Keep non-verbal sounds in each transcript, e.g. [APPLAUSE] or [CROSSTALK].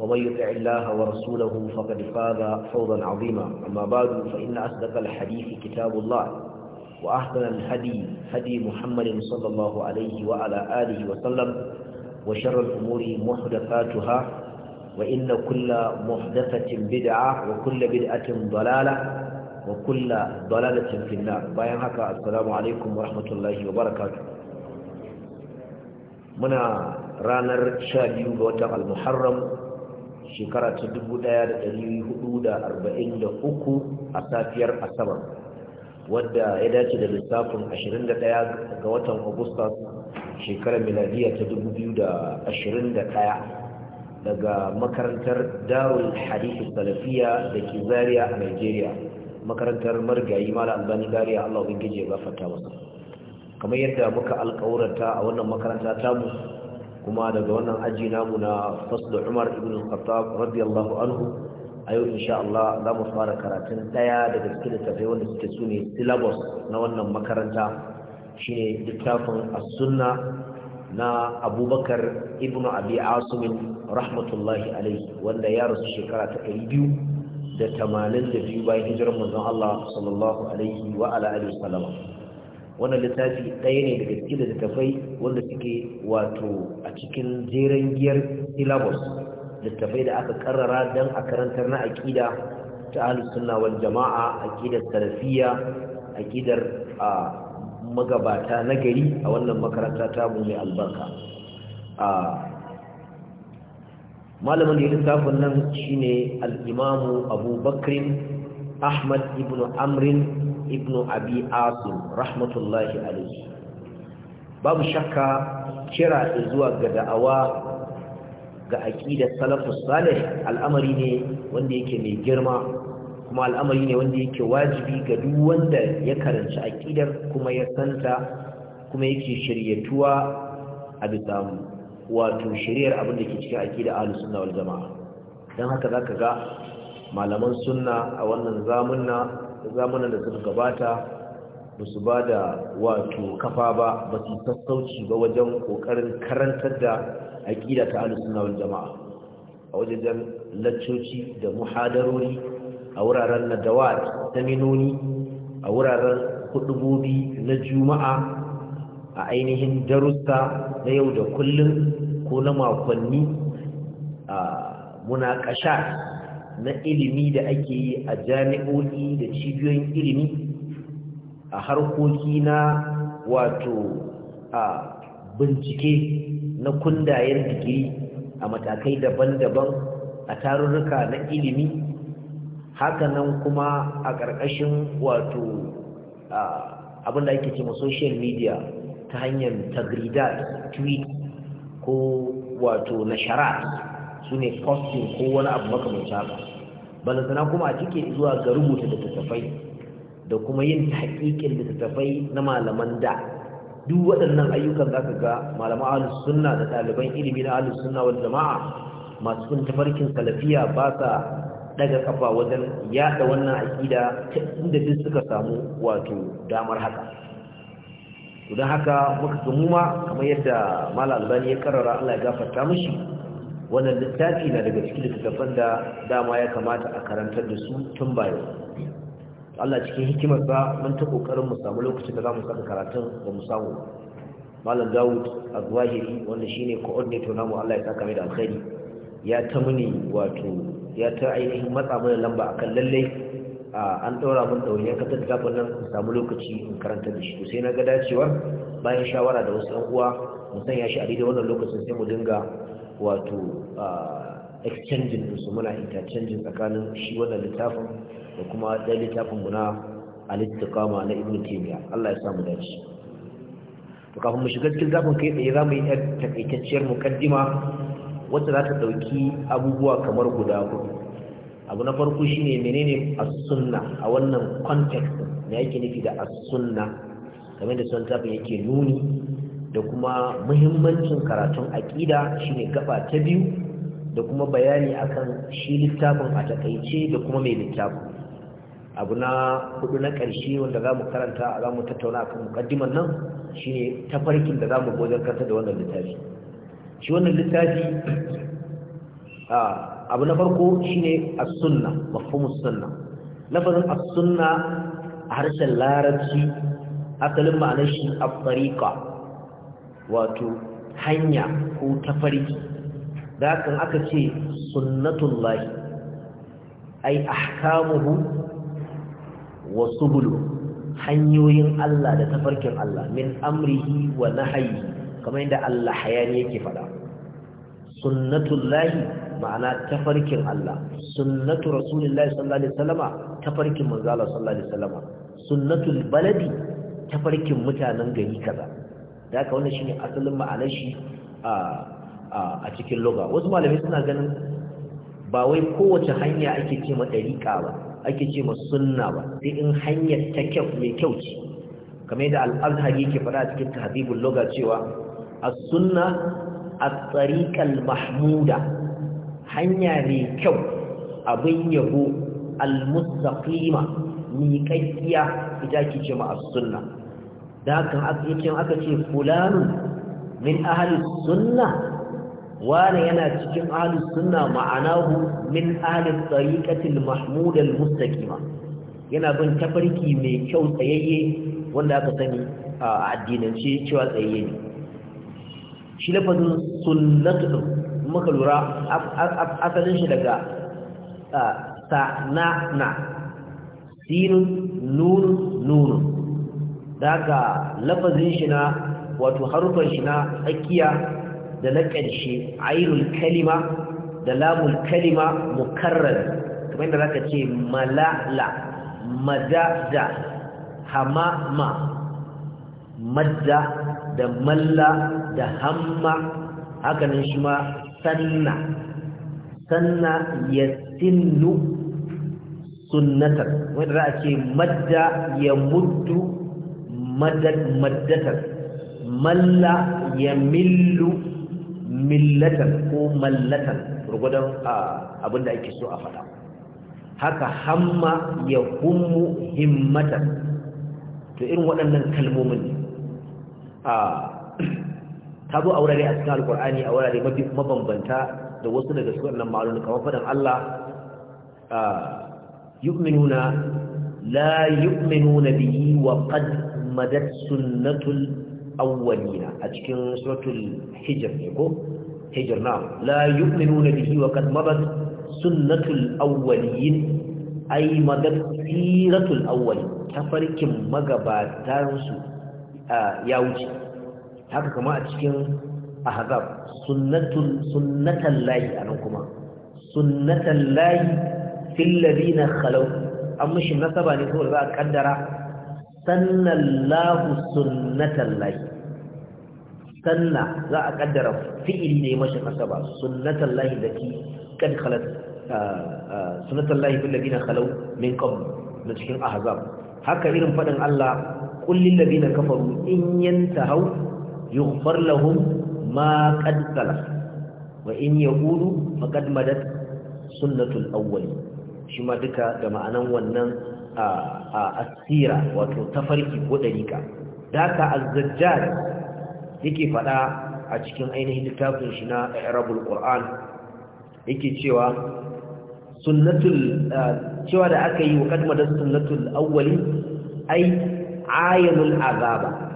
ومن يطع الله ورسوله فقد فاز فوضا عظيما أما بعد فإن أصدق الحديث كتاب الله وأحسن الهدي هدي محمد صلى الله عليه وعلى آله وسلم وشر الأمور محدثاتها وإن كل محدثة بدعة وكل بدعة ضلالة وكل ضلالة في النار باين هكا السلام عليكم ورحمة الله وبركاته منا ranar 12 ga watan al-Muharram shekara ta 1443 a safiyar asabar wadda ya dace da lissafin 21 ga watan agusta shekarar miladiya ta 2021 daga makarantar darul hadithu salafiya da ke zariya a nigeria makarantar margayi mala albani dariya allah ubangiji ya gafarta masa kamar yadda muka alƙawarta a wannan makaranta tamu kuma daga wannan aji namu na faslu umar ibn al-khattab radiyallahu anhu a yau insha Allah za mu fara karatun daya daga cikin littattafai wanda suke su ne syllabus na wannan makaranta shine littafin as-sunna na abubakar ibn abi asim rahmatullahi alaihi wanda ya rasu shekara ta 200 da 82 bayan hijirar manzon Allah sallallahu alaihi wa ala alihi wannan littafi ɗaya ne daga cikin littafai wanda suke wato a cikin jeren giyar littafai da aka karrara don a karantar na aƙida ta ahlus sunna wal jama'a aƙidar salafiyya aƙidar magabata na gari a wannan makaranta ta mai albarka malamin da ya littafin nan shine al-imamu abubakar ahmad ibn amrin ibn abi asim rahmatullahi alaihi babu shakka kira zuwa ga da'awa ga aƙidar salafus salih al'amari ne wanda yake mai girma kuma al'amari ne wanda yake wajibi ga duk wanda ya karanci aqidar kuma ya santa kuma yake shiryatuwa a bisa wato shiriyar abin da ke cikin aqidar ahlus sunna wal jamaa dan haka zaka ga malaman sunna a wannan zamunna zamanin da suka gabata ba su ba da wato kafa ba ba su sassauci ba wajen kokarin karantar da aƙida ta alusunna wani jama'a a wajen laccoci da muhadarori a wuraren ta minoni a wuraren hudubobi na juma'a a ainihin darussa na yau da kullum ko na makonni a munakasha na ilimi da ake yi a jami'o'i da cibiyoyin ilimi a harkoki na wato a bincike na kundayen digiri a matakai daban-daban a tarurruka na ilimi hakanan kuma a ƙarƙashin wato abin da ake ce ma social media ta hanyar tagridat tweet ko wato nasharat su ne kwastin ko wani abu makamancin haka sana kuma a cike zuwa ga rubuta littattafai da kuma yin haƙiƙin littattafai na malaman da duk waɗannan ayyukan za ka ga malaman ahalus sunna da ɗaliban ilimi na ahalus sunna wal jama'a masu kun tafarkin salafiya ba sa daga kafa wajen yaɗa wannan aƙida ta inda duk suka samu wato damar haka don haka muka gamu ma kamar yadda mala albani ya karara Allah ya gafarta mishi wannan littafi na daga cikin littattafan da dama ya kamata a karantar da su tun bayo Allah cikin hikimar ba mun ta kokarin mu samu lokacin da zamu saka karatun da mu samu Malam Dawud Azwahiri wanda shine coordinator namu Allah ya saka mai da alkhairi ya ta muni wato ya ta ainihin matsa mana lamba akan lalle an daura mun wani ka da nan mu samu lokaci in karanta da shi to sai na ga dacewa bayan shawara da wasu ɗan uwa mu sanya shi a daidai wannan lokacin sai mu dinga wato exchanging su muna interchanging tsakanin shi wannan littafin da kuma ɗaya mu na alittikama na ibn taymiya Allah ya samu dace to kafin mu shiga cikin zafin kai tsaye za mu yi takaitacciyar mukaddima wacce za ta ɗauki abubuwa kamar guda hudu abu na farko shine menene as-sunna a wannan context ne yake nufi da as-sunna kamar da son tafi yake nuni da kuma muhimmancin karatun aƙida ne gaba ta biyu da kuma bayani akan shi littafin a takaice da kuma mai littafin abu na hudu na ƙarshe wanda za mu karanta za mu tattauna kan mukaddiman nan shi ta tafarkin da za mu gojar kanta da wannan littafi shi wannan littafi abu na farko shi ne a sunna mafhumus sunna lafazin a sunna a harshen larabci asalin ma'anar shi at wato hanya ko tafarki dakan kan aka ce sunnatullahi ai ahkamuhu wa subulu hanyoyin Allah da tafarkin Allah min amrihi wa nahyi kamar yadda Allah hayani yake fada sunnatullahi ma'ana tafarkin Allah sunnatu rasulillahi sallallahu alaihi wasallama tafarkin manzo Allah sallallahu alaihi wasallama sunnatul baladi tafarkin mutanen gari kaza da haka wannan ne asalin ma'anar shi a cikin loga wasu malamai suna ganin ba wai kowace hanya ake ce ma ɗariƙa ba ake ce ma sunna ba sai in hanyar ta kyau mai kyau ce kamar yadda al'azhari yake faɗa a cikin Habibu loga cewa a sunna a tariqal mahmuda hanya mai kyau abin yabo al-mustaqima miƙaƙƙiya ita ake ce ma a sunna da haka yakin aka ce Fulanun, min ahalus sunna wane yana cikin ahli sunna ma'anahu min ahalus tsariƙatil mahmudal mustaqima yana bin tafarki mai kyau tsayayye wanda aka sani a addinance cewa tsayayye ne shi lafazin sunnatu ɗin muka lura asalin shi daga sa na na sinun nunun nunun da lafazin shi na wato harufan shi na tsakiya da na ƙarshe airul kalima da lamul kalima mukarrar kamar yadda ka ce malala madada hamama madda da malla da hamma hakanan shi ma sanna sanna ya sinnu sunnatar wadda za a ce madda ya muddu maddatar malla ya millu millatan ko mallatan rugudon abinda ake so a faɗa haka hamma ya hummu himmatan to irin waɗannan kalmomin ne ta a wurare a cikin alkur'ani a wurare mabambanta da wasu daga su wannan ma'alun kamar faɗin Allah yu'minuna la yu'minuna biyi wa madat sunnatul awwalina a cikin suratul hijr ne ko hijr na la yu'minuna bihi wa qad madat sunnatul awwalin ay madat siratul awwalin tafarkin magabatan su ya wuce haka kama a cikin ahzab sunnatul sunnatal lahi anan kuma sunnatan lahi fil ladina khalau amma mishi nasaba ne saboda za a kaddara sannallahu sunnatallahi sanna za a kaddara fi'il ne mashi nasaba sunnatallahi daki kad khalat ah, ah, sunnatallahi fil ladina khalaw min qabl na cikin ahzab haka irin fadin Allah qul lil ladina kafaru in yantahu yughfar lahum ma qad salaf wa in yaqulu faqad madat sunnatul awwal shi ma duka da ma'anan wannan a asira wato tafarki ko dariƙa daka az azzajjar yake faɗa a cikin ainihin littafin shi na arabul qur'an yake cewa sunnatul cewa da aka yi wa da sunnatul awwali ai ayyanul azaba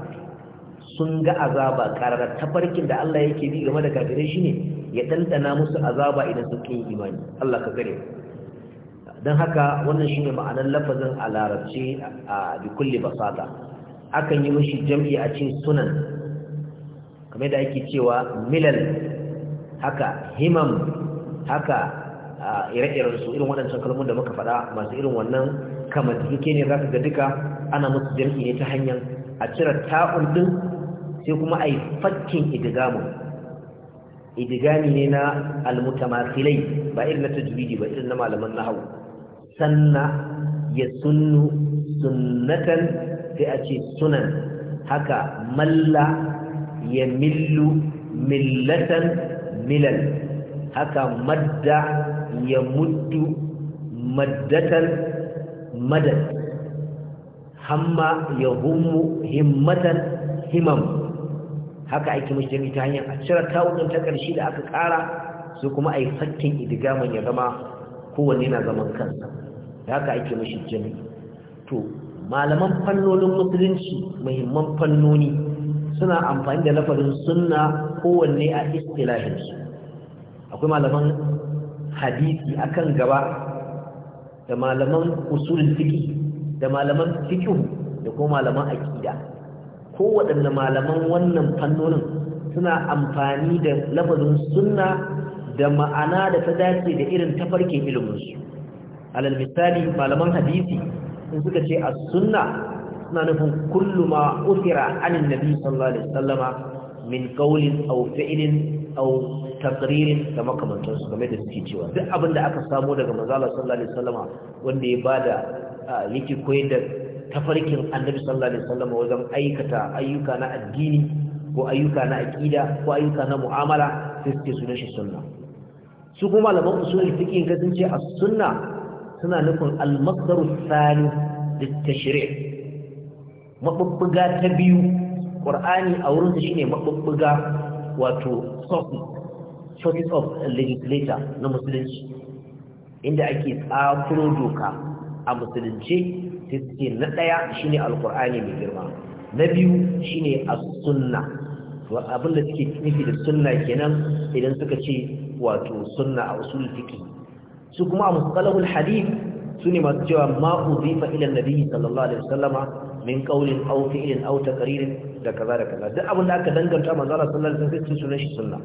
sun ga azaba karara tafarkin da Allah yake bi game da kafirai shine ya dandana musu azaba idan sun kin imani Allah ka gare don haka wannan shi ne ma'anar lafazin a larabci a bikulli basata akan yi mashi jam'i a cin sunan kamar da ake cewa milal haka himam haka ire-iren su irin waɗancan kalmomin da muka faɗa masu irin wannan kamar duke ne za ga duka ana musu jam'i ne ta hanyar a cire ta'un ɗin sai kuma a yi fakkin idigamu. idigami ne na almutamathilai ba irin na tajwidi ba irin na malaman hau. sanna ya sunnu sunnatan sai a ce sunan haka malla ya millu millatan milal haka madda ya muddu maddatan madad hamma ya hummu himmatan himam haka ake mashi ta hanyar a cire kawunan ta ƙarshe da aka ƙara su kuma a yi fakkin idigaman ya zama kowanne na zaman kansa da haka ake mashi jami to malaman fannonin musulunci muhimman fannoni suna amfani da lafarin sunna kowanne a istilahinsu akwai malaman hadisi akan gaba da malaman usulul fiqh da malaman fiqh da kuma malaman aqida kowaɗanne malaman wannan fannonin suna amfani da lafazin sunna da ma'ana da ta dace da irin tafarkin iliminsu alal misali malaman hadisi sun suka ce a sunna suna nufin kullu ma uthira anin nabi sallallahu alaihi min qawlin au fi'lin au taqririn da makamantarsu game da suke cewa duk abin da aka samu daga mazala, sallallahu alaihi wanda ya bada yake koyar da tafarkin annabi sallallahu alaihi sallama, wajen aikata ayyuka na addini ko ayyuka na aƙida ko ayyuka na mu'amala sai suke sunan shi sunna su kuma malaman usulul fiqh ga sun ce sunna suna nufin almasdaru sani littashri Maɓuɓɓuga ta biyu qur'ani a wurin shine ne mabubbuga wato sources of legislator na musulunci inda ake tsakuro doka a musulunce sai suke na ɗaya shine alqur'ani mai girma na biyu shine a sunna abinda suke nufi da sunna kenan idan suka ce wato sunna a usul fiqh su kuma a musqalahul hadith sune masu cewa ma uzifa ila annabi sallallahu alaihi wasallama min qawlin aw fi'lin aw taqririn da kaza da kaza duk abin da aka danganta manzo sallallahu alaihi wasallam sun sunan shi sunna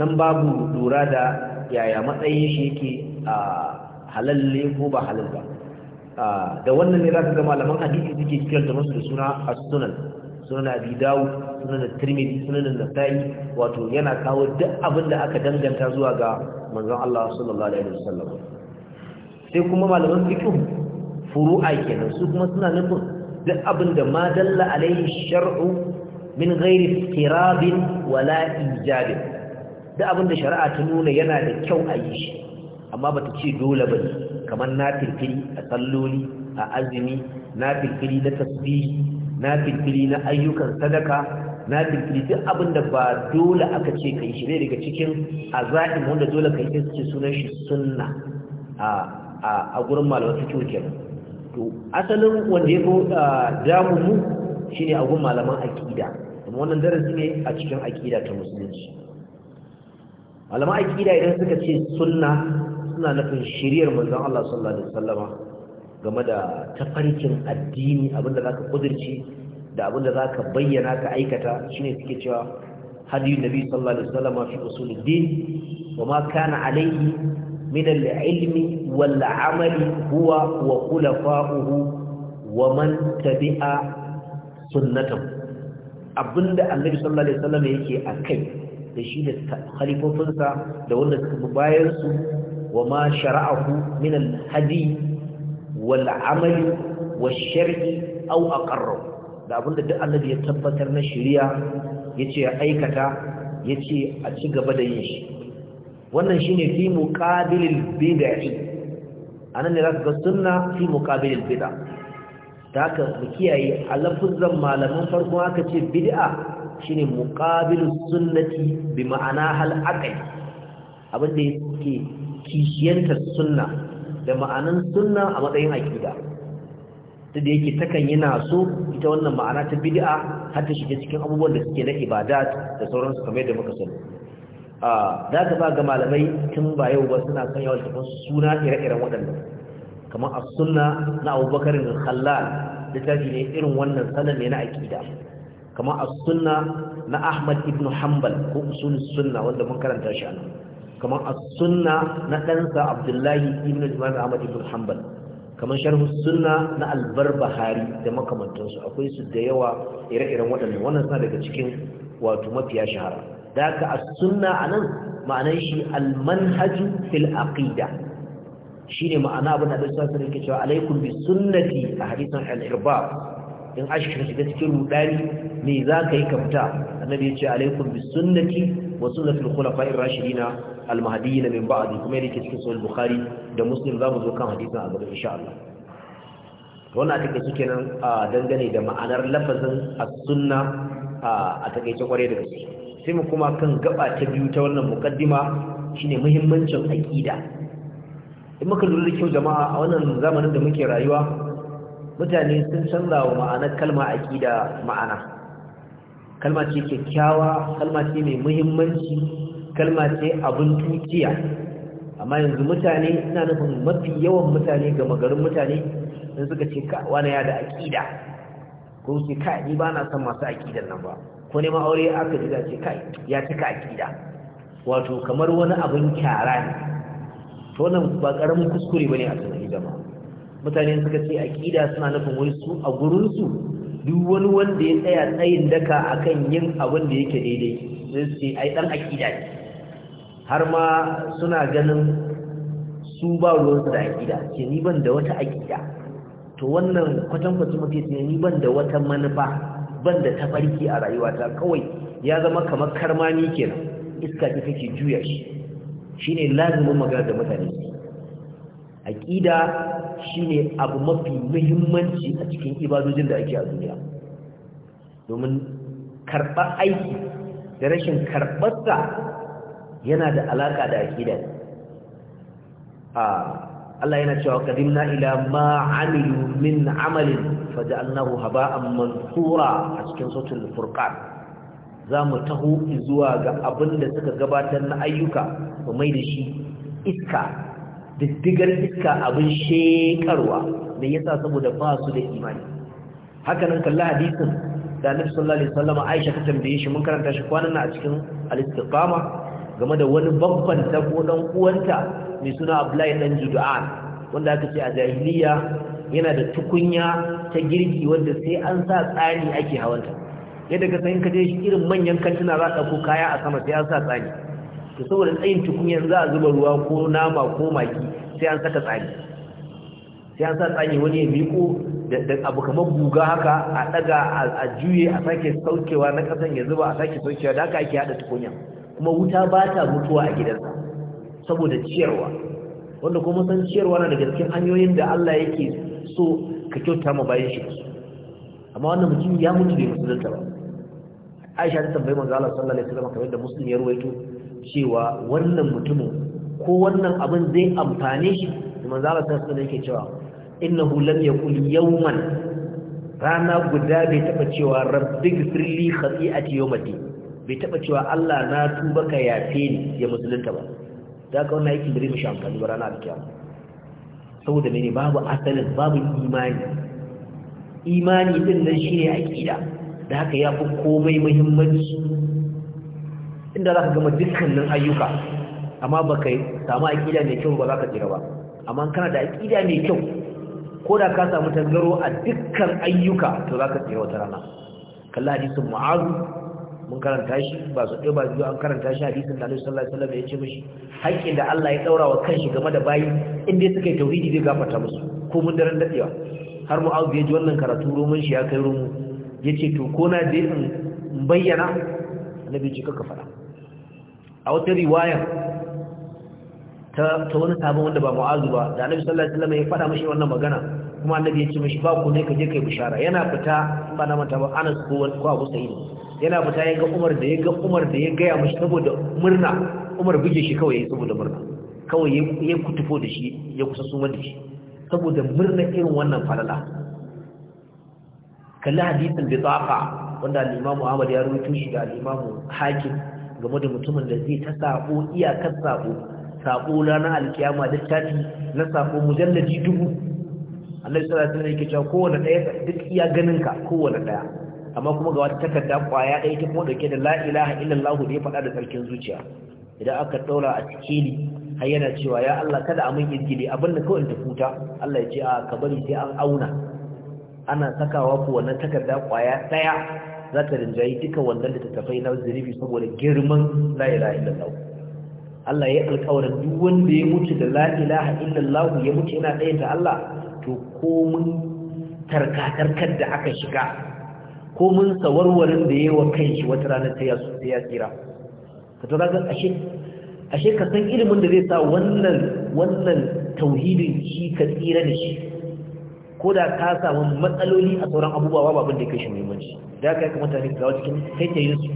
nan babu lura da yaya matsayin shi yake a halalle ko ba halal ba da wannan ne za ka ga malaman hadisi suke kiran da musu suna as-sunan sunan abi dawud sunan at-tirmidhi sunan an-nasa'i wato yana kawo duk abin da aka danganta zuwa ga manzon Allah sallallahu alaihi wasallam sai kuma malaman fiqh furu'a kenan su kuma suna nufin duk abin da ma dalla alaihi shar'u min ghairi istirabin wala ijabin duk abin da shari'a ta nuna yana da kyau a yi shi amma bata ce dole bane kamar na firfiri a salloli a azumi na firfiri na tasbih na firfiri na ayyukan sadaka na bi duk abin da ba dole aka ce ka yi shi ne daga cikin aza'in wanda dole ka yi ce sunan shi sunna a gurin malaman su kenan to asalin wanda ya damu mu shine a gurin malaman aƙida wannan darasi ne a cikin aƙida ta musulunci malaman aƙida idan suka ce sunna suna nufin shiriyar manzon Allah sallallahu alaihi wasallama game da tafarkin addini abinda zaka kudurci da abinda za ka bayyana ka aikata shi ne suke cewa hadiyun nabi sallallahu alaihi wasallam fi usuluddin wa ma kana alaihi min al-ilmi wal amali huwa wa khulafa'uhu wa man tabi'a sunnatahu abinda annabi sallallahu alaihi wasallam yake akai da shi da khalifofinsa da wanda suka bayar su wa ma shara'ahu min al-hadi wal amali wash-shar'i aw aqarrahu da abinda duk annabi ya tabbatar na shari'a yace aikata yace a ci gaba da yin shi wannan ne fi muqabilil bid'i anan ne zaka ga sunna fi muƙabilin bid'a da haka mu kiyaye alafuzzan malaman farko haka ce bid'a shine muqabilus sunnati bi ma'ana hal aqai abinda yake kishiyantar sunna da ma'anan sunna a matsayin akida ta da yake takan yi naso ita wannan ma'ana ta bid'a har ta shiga cikin abubuwan da suke na ibada da sauransu kamar da muka sani Da ka ba ga malamai tun ba yau ba suna son yawan tafin suna ire-iren waɗannan kamar a sunna na abubakar da da ta ne irin wannan sanar ne na aƙida kamar a sunna na ahmad ibn hanbal ko usul sunna wanda mun karanta shi a nan kamar a sunna na ɗansa abdullahi ibn jimar ahmad ibn hanbal kamar sharhu sunna na bahari da makamantansu akwai su da yawa ire-iren waɗannan wannan suna daga cikin wato mafiya shahara da haka a sunna a nan ma'anar shi almanhaju fil aqida shine ma'ana abin da Allah sallallahu alaihi cewa alaikum bi sunnati a hadisan al'irba. in ashkar shiga cikin rudani me za ka yi kafta annabi ya ce alaikum bi sunnati wa sunnatul khulafa'ir rashidina na min ba'di kuma yake cikin sahih bukhari da muslim zamu zo kan hadisin a gaba insha Allah wannan take suke nan dangane da ma'anar lafazin as-sunna a takeice kware da gaske sai mu kuma kan gaba ta biyu ta wannan muqaddima shine muhimmancin aqida in muka lura da kyau jama'a a wannan zamanin da muke rayuwa mutane sun canza wa ma'anar kalma aqida ma'ana kalma ce kyakkyawa kalma ce mai muhimmanci kalma ce abin tukiya amma yanzu mutane suna nufin mafi yawan mutane gama garin mutane sun suka ce ka wani ya da aƙida ko ce ka ni ba na son masu aƙidan nan ba ko ne ma'aure aka ji ce kai ya cika aƙida wato kamar wani abin kyara ne to nan ba ƙaramin kuskure ba ne a tunani jama'a mutane suka ce aƙida suna nufin wai su a gurinsu duk wani wanda ya tsaya tsayin daka akan yin abin da yake daidai sai su ce ai ɗan aƙida ne har ma suna ganin su ba ruwansu da aƙida ce ni ban da wata aƙida to wannan kwatankwacin mafi ne ni ban da wata manufa ban da tafarki a rayuwata kawai ya zama kamar karmami kenan iska ce take juya shi shi ne lazimin magana da mutane aƙida shi ne abu mafi muhimmanci a cikin ibadojin da ake a duniya domin karɓar aiki da rashin karɓarsa yana da alaka da aqida a Allah yana cewa qadimna ila ma amilu min amalin faj'alnahu haba'an mansura a cikin suratul furqan zamu taho zuwa ga abin da suka gabatar na ayyuka mu mai da shi iska diddigar iska abin shekarwa da yasa saboda ba su da imani haka nan kalla hadisin da Annabi sallallahu alaihi wasallam Aisha ta tambaye shi mun karanta shi kwanan nan a cikin al-istiqama game da wani babban ta ko dan uwanta mai suna Abdullahi dan Judu'an wanda aka ce a jahiliya yana da tukunya ta girki wanda sai an sa tsani ake hawanta yadda ka san ka je irin manyan kantuna za ka ko kaya a sama sai an sa tsani to saboda tsayin tukunya za a zuba ruwa ko nama ko maki sai an saka tsani sai an sa tsani wani ya miko da abu kamar guga haka a ɗaga a juye a sake saukewa na kasan ya zuba a sake saukewa da haka ake haɗa tukunya kuma wuta ba ta mutuwa a gidansa saboda ciyarwa wanda kuma san ciyarwa na daga cikin hanyoyin da Allah yake so ka kyauta ma bayan shi amma wannan mutum ya mutu bai musulunta ba Aisha ta tambayi manzo Allah sallallahu alaihi wasallam kamar da Muslim ya ruwaito cewa wannan mutumin ko wannan abin zai amfane shi manzo Allah sallallahu alaihi wasallam yake cewa innahu lam yaqul yawman rana guda bai taba cewa rabbi gfirli khati'ati yawmati bai taba cewa Allah na tuba ka yafe ni ya musulunta ba da ka wannan aikin da zai amfani ba ranar saboda mene babu asalin babu imani imani din nan shine aqida da haka ya fi komai muhimmanci inda za ka gama dukkanin ayyuka amma ba ka samu aƙida mai kyau ba za ka jira ba amma kana da aƙida mai kyau ko da ka samu tangaro a dukkan ayyuka to za ka jira wata rana kalla hadisin mu'azu mun karanta shi ba su ɗaya ba biyu an karanta shi hadisin da alaihi sallallahu alaihi wasallam ya ce mishi haƙƙin da Allah ya ɗaura wa kanshi game da bayi in dai suka yi tauhidi zai gafarta musu ko mun daren daɗewa har mu mu'awiya ya ji wannan karatu roman shi ya kai Ya ce to ko na je in bayyana na bai ji kaka faɗa. a wata riwaya ta ta wani sabon wanda ba mu'azu ba da annabi sallallahu alaihi wasallam ya faɗa mishi wannan magana kuma annabi ya ce mishi ba ku ne ka je kai bishara yana fita ba na mata ba Anas ko ko Abu sa'idu yana fita ya ga umar da ya ga umar da ya gaya mashi saboda murna umar buge shi kawai ya saboda murna kawai ya kutufo da shi ya kusa suma da shi saboda murna irin wannan falala kalli hadisin da tsaka wanda al'imamu ahmad ya rubuto shi da al'imamu hakim game da mutumin da zai ta sabo iyakar sabo sabo ranar alkiyama tafi, na sabo mujallaji dubu Allah sallallahu alaihi wasallam yake cewa kowanne daya duk iya ganin ka kowanne daya amma kuma ga wata takarda kwaya ɗaya ta kuma dauke da la ilaha illallah da ya faɗa da sarkin zuciya idan aka ɗaura a cikeli har yana cewa ya Allah kada a mun izgili abin da kawai ta futa Allah ya ce a ka bari sai an auna ana sakawa ku wannan takarda kwaya ɗaya za ta rinjayi duka wannan da ta tafai na zunubi saboda girman la ilaha illallah Allah ya alƙawarin duk wanda ya mutu da la ilaha illallah ya mutu yana ɗaya ta Allah to ko mun tarkatarkar da aka shiga ko mun sawarwarin da ya yi wa kanshi wata rana ta yasu ta ka to daga ashe ashe ka san ilimin da zai sa wannan wannan tauhidin shi ka tsira da shi ko da ka samu matsaloli a sauran abubuwa ba da ya kai shi muhimmanci da ka yi kamata ne kawo cikin taitayin su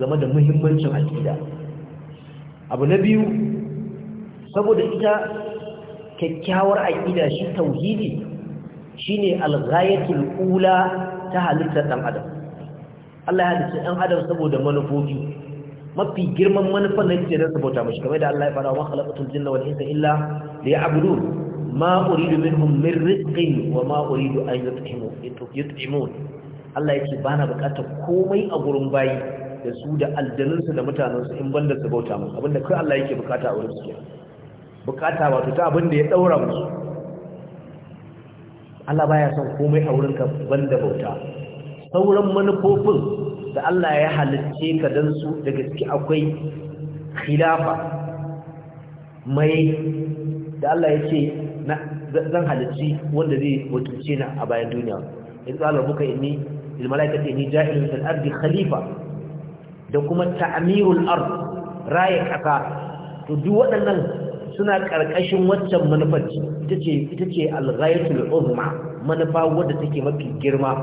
game da muhimmancin aƙida abu na biyu saboda ita kyakkyawar aƙida shi tauhidi shine al-ghayatul ula ta halittar ɗan adam Allah ya halitta ɗan adam saboda manufofi mafi girman manufan na yake da sabota mashi kamar da Allah ya fara wa khalaqatul jinna wal insa illa liya'budun ma uridu minhum min rizqin wa ma uridu an yut'imu yut'imun Allah yake bana buƙatar komai a gurin bayi da su da aljanunsu da mutanensu in banda sabota musu abinda kai Allah yake bukata a wurin su bukata wato ta abinda ya daura musu Allah baya son komai a wurin ka banda bauta sauran manufofin da Allah ya halicce ka dan su da gaske akwai khilafa mai da Allah ya ce zan halicci wanda zai wakilce na a bayan duniya in tsala buka inni il malaikati inni ja'ilun fil ardi khalifa da kuma ta'mirul ard raye kaka to duk waɗannan suna ƙarƙashin waccan manufar ita ce ita ce uzma manufa wadda take mafi girma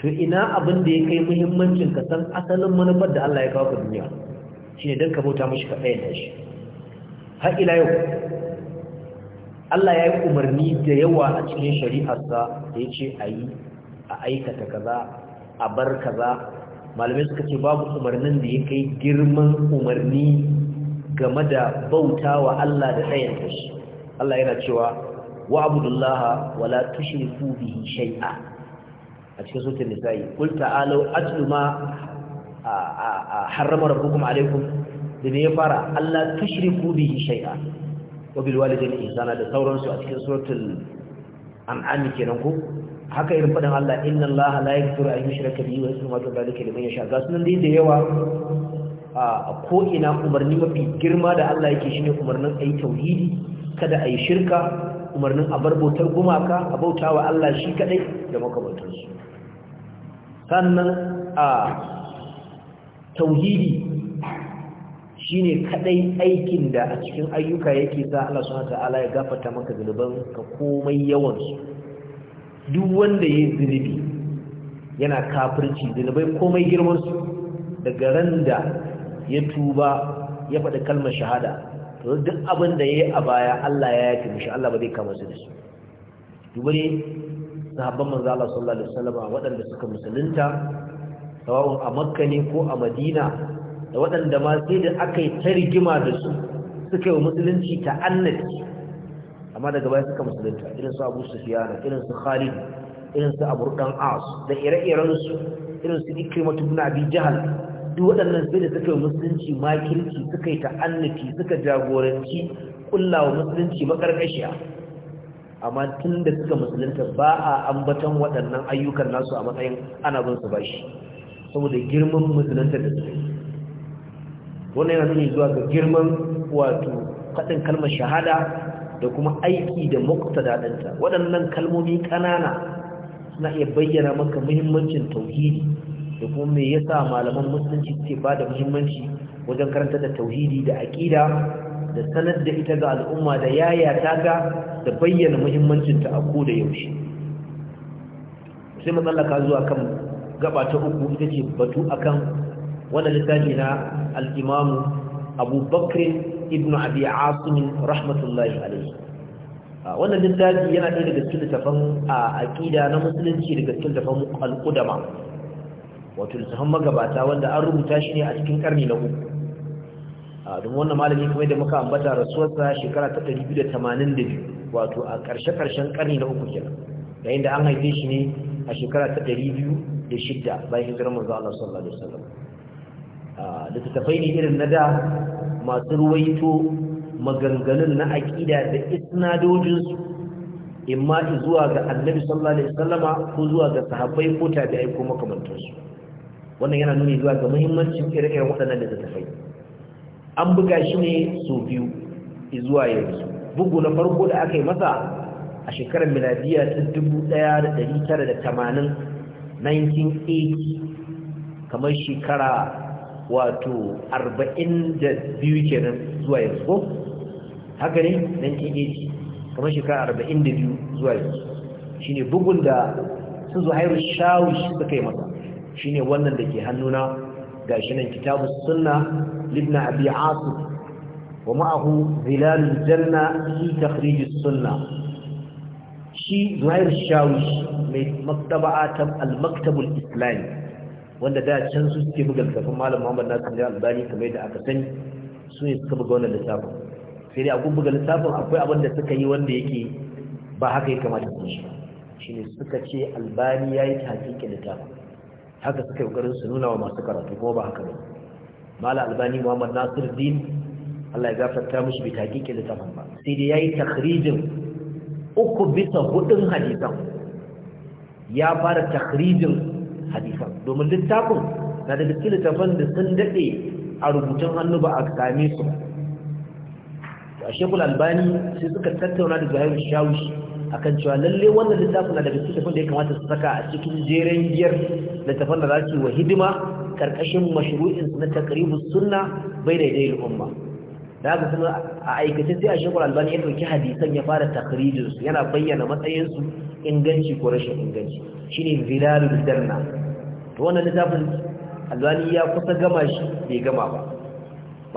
to ina abin da ya kai muhimmancin ka san asalin manufar da Allah ya kawo ka duniya shine dan ka bauta mishi ka tsaya da shi har ila yau Allah ya yi umarni da yawa a cikin shari'arsa da ya ce a yi a aikata kaza a bar kaza malamai suka ce babu umarnin da ya kai girman umarni game da bauta wa Allah da tsayin shi Allah yana cewa wa abudullaha wala la tushriku bihi shay'a a cikin suratul nisa'i qul ta'alu atlu ma harrama rabbukum alaykum da ne ya fara Allah tushriku bihi shay'a wa bil walidayni ihsana da sauransu a cikin suratul an'am kenan ko haka irin faɗin Allah inna Allah la yaghfiru an yushraka bihi wa yaghfiru ma duna zalika liman yasha ga sunan dai da yawa a ina umarni mafi girma da Allah yake shine umarnin a yi tauhidi kada a yi shirka umarnin a bar bautar gumaka a bautawa Allah shi kaɗai da makamantarsu sannan a tauhidi shine kadai aikin da a cikin ayyuka yake sa Allah subhanahu ta'ala ya gafata maka zunuban ka komai yawansu. duk wanda yayi zunubi yana kafirci zunubai komai girman su daga ran da ya tuba ya faɗi kalmar shahada to duk abin da ya yi a baya Allah ya yafi mishi Allah ba zai kama su da su duba ne sahabban manzo Allah sallallahu alaihi wasallam waɗanda suka musulunta sawa'un a Makka ne ko a Madina da waɗanda ma sai da aka yi ta rigima da su suka yi musulunci ta annabi amma daga baya suka musulunta irin su Abu Sufyan irin su Khalid irin su Abu Dan As da ire-iren su irin su Ikrimah ibn Abi Jahl duk waɗannan sai da suka yi musulunci makirci suka yi ta'annafi suka jagoranci kullawa musulunci makarkashiya amma tun da suka musulunta ba a ambaton waɗannan ayyukan nasu a matsayin ana bin su bashi saboda girman musulunta da suke wannan yana nuni zuwa ga girman wato faɗin kalmar shahada da kuma aiki da mukta daɗinta. waɗannan kalmomi ƙanana suna iya bayyana maka muhimmancin tauhidi da kuma me yasa malaman musulunci suke ba da muhimmanci wajen karanta da tauhidi da aƙida da sanar da ita ga al'umma da yaya ta ga da bayyana muhimmancinta a ko da yaushe sai matsalaka zuwa kan gaba ta uku ita ce batu akan wannan littafi na al'imamu abubakar ibn abi asimin rahmatullahi alaihi wannan littafi yana ɗaya daga cikin littafan a aƙida na musulunci daga cikin littafan al'udama wato littafin magabata wanda an rubuta shi ne a cikin karni na uku domin wannan malami kuma da muka ambata rasuwarsa shekara ta 282 wato a ƙarshe-ƙarshen karni na uku kenan yayin da an haife shi ne a shekara ta 206 bayan hijirar manzo Allah sallallahu alaihi wasallam littattafai ne irin na da masu ruwaito maganganun na aƙida da isnadojinsu imma zuwa ga annabi sallallahu alaihi wasallama ko zuwa ga sahabbai ko tabi'ai ko makamantansu wannan yana nuni zuwa ga muhimmancin ire da waɗannan fai an buga shi ne sau biyu zuwa yanzu bugu na farko da aka yi masa a shekarar miladiya ta 1980 1980 kamar shekara wato 42 kenan zuwa yanzu ko haka ne 1980 kamar shekara 42 zuwa yanzu shine bugun da su zuhairu shawish suka yi masa shine wannan da ke hannuna gashi nan kitabu sunna libna abi asif wa ma'ahu zilalul janna fi takhrij sunna shi zuhair shawish mai maktaba'a ta al-maktabul Islam. wanda da can su suke buga littafin malam muhammad nasir ya albani kamar da aka sani su ne suka buga wannan littafin sai dai a buga littafin akwai abin da suka yi wanda yake ba haka ya kamata su shi shine suka ce albani yayi tahqiqin littafin haka suka yi ƙoƙarin su nuna wa masu karatu kuma ba haka ba mala albani muhammad nasir din allah ya gafarta mushi bi taƙiƙi ba sai dai ya yi takhrijin uku bisa hudun hadisan ya fara takhrijin hadisan domin littafin na da gaske littafin da sun daɗe a rubutun hannu ba a same su a shekul albani sai suka tattauna da zuhairu shawishi akan cewa lalle wannan littafin na daga cikin da ya kamata su saka a cikin jeren giyar littafin da za su wa hidima karkashin mashru'in na takribu sunna bai da al'umma umma da haka kuma a aikace sai a shekul albani ya dauki hadisan ya fara takrijin su yana bayyana matsayin su inganci ko rashin inganci shine zilalul darna to wannan littafin albani ya kusa gama shi bai gama ba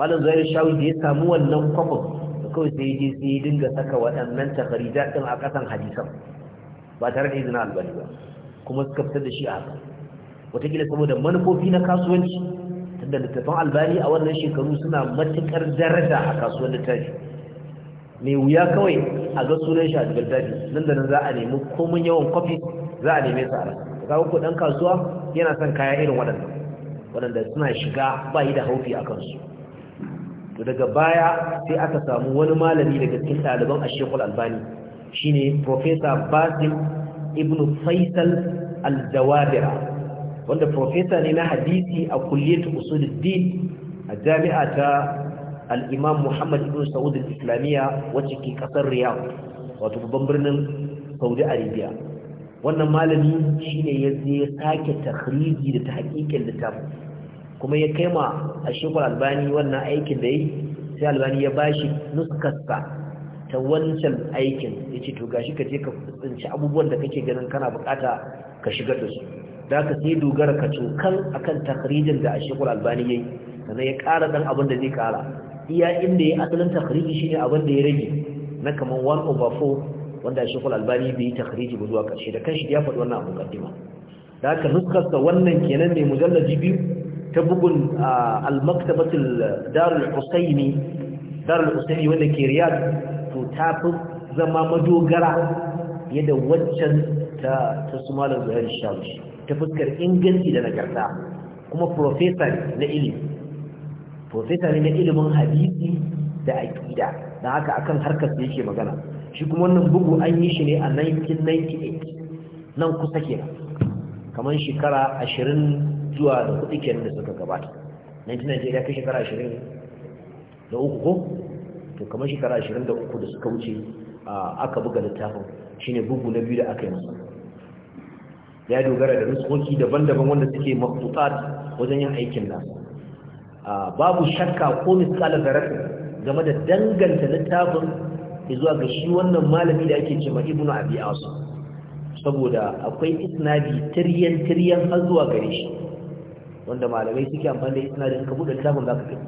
malam zahir shawi da ya samu wannan kwafin kawai sai je sai dinga saka waɗannan takarija ɗin a ƙasan hadisan ba tare da izinin albani ba kuma suka fitar da shi a haka Wataƙila saboda manufofi na kasuwanci tunda littattafan albani a wannan shekaru suna matuƙar daraja a kasuwar littafi mai wuya kawai a ga sunan shi a daji nan da nan za a nemi komin yawan kwafi za a neme su a rasa kasuwa yana son kaya irin waɗannan, waɗanda suna shiga ba yi da haufi a kansu to daga baya sai aka samu wani malami daga cikin ɗaliban ashekul albani shine professor basim ibn faisal al-jawabira wanda professor ne na hadisi a kulliyatu usuluddin a jami'a ta al-imam muhammad ibn saud al-islamiyya wacce ke kasar riyadh wato babban birnin saudi arabia wannan malami shine ya je sake takhriji da tahqiqin littafin kuma ya kaima a shekul albani wannan aikin da yi sai albani ya bashi nuskarsa ta wancan aikin ya ce to gashi ka je ka tsinci abubuwan da kake ganin kana bukata ka shigar da su da ka sai dogara ka cokan akan takrijin da a shekul albani ya yi sannan ya ƙara ɗan abin da zai ƙara iya inda ya asalin takriji shi ne abin da ya rage na kamar one over four wanda shekul albani bai yi takriji ba zuwa ƙarshe da shi ya faɗi wannan abu da haka nuskarsa wannan kenan mai mujallaji biyu ta bugun a almaktabatul darul husaini darul husaini wanda ke riyad to ta fi zama madogara yadda waccan ta ta malam zuhair ta fuskar inganci da nagarta kuma profesa na ne na ilimin hadisi da aƙida don haka akan harkar da yake magana shi kuma wannan bugu an yi shi ne a 1998 nan kusa kenan kamar shekara 20 zuwa da kuɗi kenan da suka gabata 1998 ya kai shekara 20 da uku ko to kamar shekara ashirin da uku da suka wuce aka buga littafin shine bugu na biyu da aka yi masa ya dogara da nuskoki daban-daban wanda suke mafuta wajen yin aikin nasa babu shakka ko misalar rafi game da danganta littafin zuwa ga shi wannan malami da ake cewa ibnu abi asu saboda akwai isnadi tiryan tiryan har zuwa gare shi wanda malamai suke amfani da isnadin ka buɗe littafin za ka kai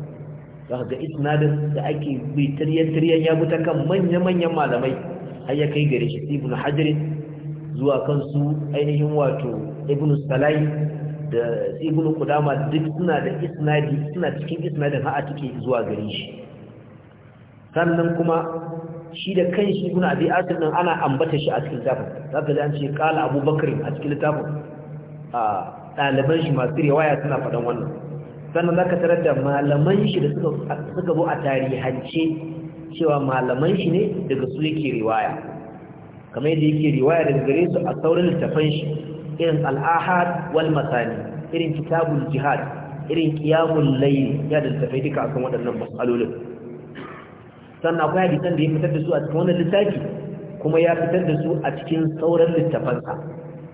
za ka ga isnadin da ake bi tiryan-tiryan ya buta kan manya-manyan malamai har ya kai gare shi ibn hajar zuwa kan su ainihin wato ibn salai da ibn kudama duk suna da isnadi suna cikin isnadin ha'a take zuwa gare shi sannan kuma shi da kan shi guna abi asir din ana ambata shi a cikin littafin za ka ji an ce qala abubakar a cikin littafin ah, ɗaliban shi masu riwaya suna faɗan wannan sannan za ka tarar da malaman shi da suka zo a tarihance cewa malaman shi ne daga su yake riwaya kamar yadda yake riwaya daga gare su a sauran littafan shi irin al'ahad wal masani irin kitabul jihad irin kiyamun layi, ya da littafai duka akan waɗannan matsalolin sannan akwai hadisan da ya fitar da su a cikin wannan littafi kuma ya fitar da su a cikin sauran littafansa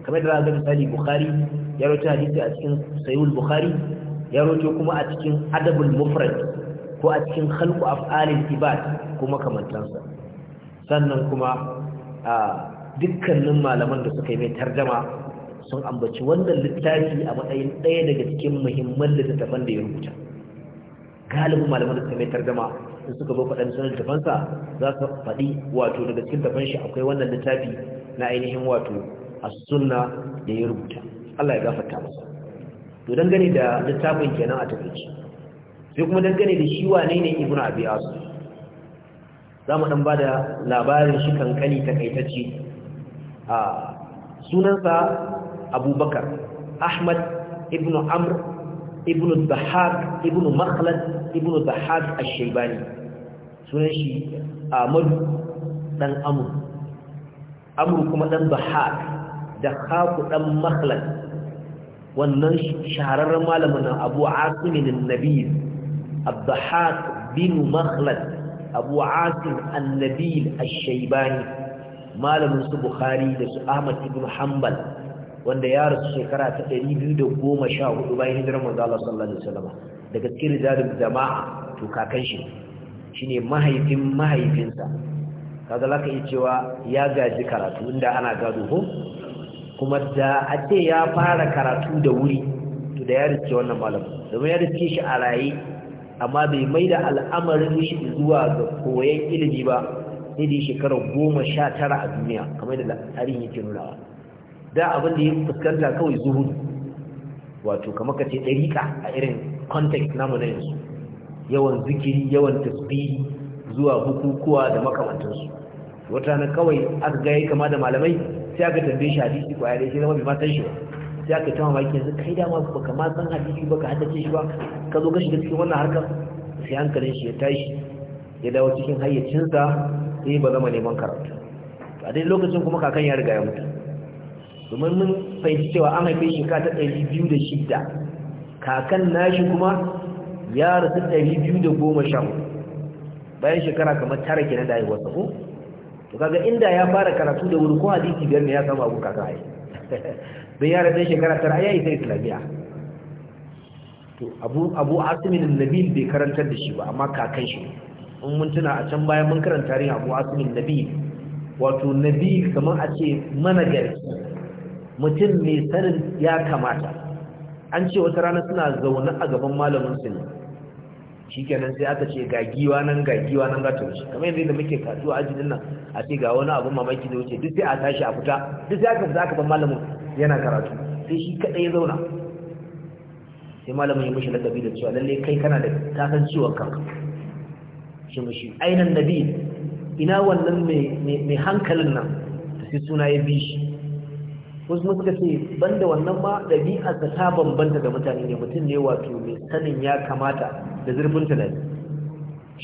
kamar da za a ga misali bukhari ya rawaito hadisi a cikin sahihul bukhari ya rawaito kuma a cikin adabul mufrad ko a cikin khalqu af'alil ibad kuma kamantansa sannan kuma dukkanin malaman da suka yi mai tarjama sun ambaci wannan littafi a matsayin ɗaya daga cikin muhimman littattafan da ya rubuta galibin malaman da suka mai tarjama in suka zo faɗin sunan littafansa za su faɗi wato daga cikin littafan shi akwai wannan littafi na ainihin wato a sunna da ya rubuta Allah ya gafarta masa to dangane da littafin kenan a tafiye sai kuma dangane da shi wane ne ibnu abi asu za mu dan bada labarin shi kankani takaitacce a sunansa abubakar ahmad ibnu amr ibnu dhahak ibnu makhlad ibnu dhahak ash-shaybani sunan shi Amadu, dan Amur, Amur kuma dan da Kaku dan makhlad wannan shahararren malamin abu asimin nabil abdahak bin makhlad abu asim annabil ash-shaybani malamin su bukhari da su ahmad ibn hanbal wanda ya rasu shekara ta 214 bayan hijirar manzo Allah sallallahu alaihi wasallam daga cikin rijalul jama'a to kakan shi shine mahaifin mahaifinsa kaga zaka iya cewa ya gaji karatu inda ana gado ko kuma da a ya fara karatu da wuri to da ya riske wannan malam, domin ya riske shi a raye amma bai mai da al'amarin shi zuwa ga koyon ilimi ba sai da shekara goma sha tara a duniya kamar da tarihin yake nunawa da abin da ya fuskanta kawai zuhudu wato kamar ka ce ɗariƙa a irin context namu na yanzu yawan zikiri yawan tasbihi zuwa bukukuwa da makamantansu wata na kawai aka gaya kama da malamai sai aka tambaye shi hadisi ko ya sai zama bai ma san shi ba sai aka ba mamaki yanzu kai dama ba ma san hadisi ba ka haddace shi ba ka zo ka shiga cikin wannan harkar sai hankalin shi ya tashi ya dawo cikin hayyacinsa sai ba zama neman karatu a dai lokacin kuma kakan ya riga ya mutu domin mun fahimci cewa an haife shi ka ta ɗari biyu da shida kakan nashi kuma ya rasu ɗari biyu da goma sha bayan shekara kamar tara kenan da haihuwarsa ko to kaga inda ya fara karatu da wuri ko hadisi biyar ne ya samu abu kaka ai bai [LAUGHS] yara sai shekara tara yi sai islamiyya to abu abu asimin nabil bai karantar da shi ba amma kakan shi in mun tuna a can bayan mun karanta rin abu asimin nabil wato nabil kamar a ce managarci mutum mai sanin ya kamata an ce wata rana suna zaune a gaban malamin su ne shikenan sai aka ce ga giwa nan ga giwa nan za ta wuce kamar yadda muke kasuwa ajinin nan a ce ga wani abu mamaki da wuce duk sai a tashi a fita duk sai aka fita aka ban malamin yana karatu sai shi kadai ya zauna sai malamin ya mishi lakabi da cewa lalle kai kana da tasan ciwon kanka shi mishi ainan nabi ina wannan mai hankalin nan da sai suna ya bi shi wasu suka ce banda wannan ma ɗabi'arsa ta bambanta da mutane ne mutum ne wato mai sanin ya kamata da zurfin tunani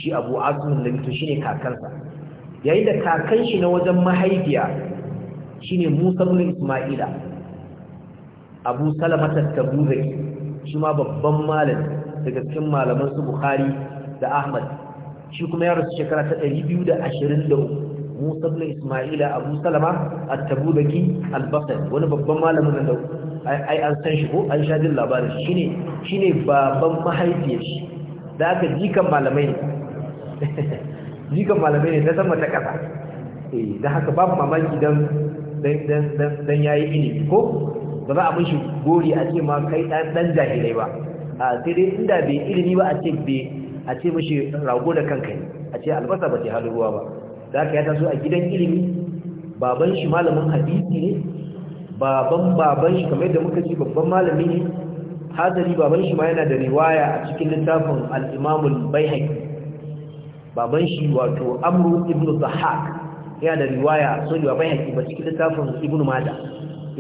shi abu asimin labito shi ne kakansa yayin da kakan shi na wajen mahaifiya shi ne Musamman bin ismaila abu salamatar tabuzaki shi ma babban malam daga cikin malaman su bukhari da ahmad shi kuma ya rasu shekara ta 223 musa bin ismaila abu salama at-tabuzaki al wani babban malamin da ai an san shi ko an sha jin labarin shi ne babban baban mahaifiyar shi da aka jikan malamai ne jikan malamai ne ta sama ta ƙasa eh da haka babu mamaki dan dan yayi ilimi ko ba za a mishi gori a ce ma kai dan jahilai ba a sai dai inda bai ilimi ba a ce bai a ce mishi rago da kanka ne a ce albasa ba ce halin ruwa ba da haka ya taso a gidan ilimi baban shi malamin hadisi ne baban baban shi kamar yadda muka ce babban malami ne hadari baban shi ma yana da riwaya a cikin littafin al-Imam al-Baihaqi baban shi wato Amr ibn Zahak yana da riwaya so riwaya Baihaqi ba cikin littafin Ibn Majah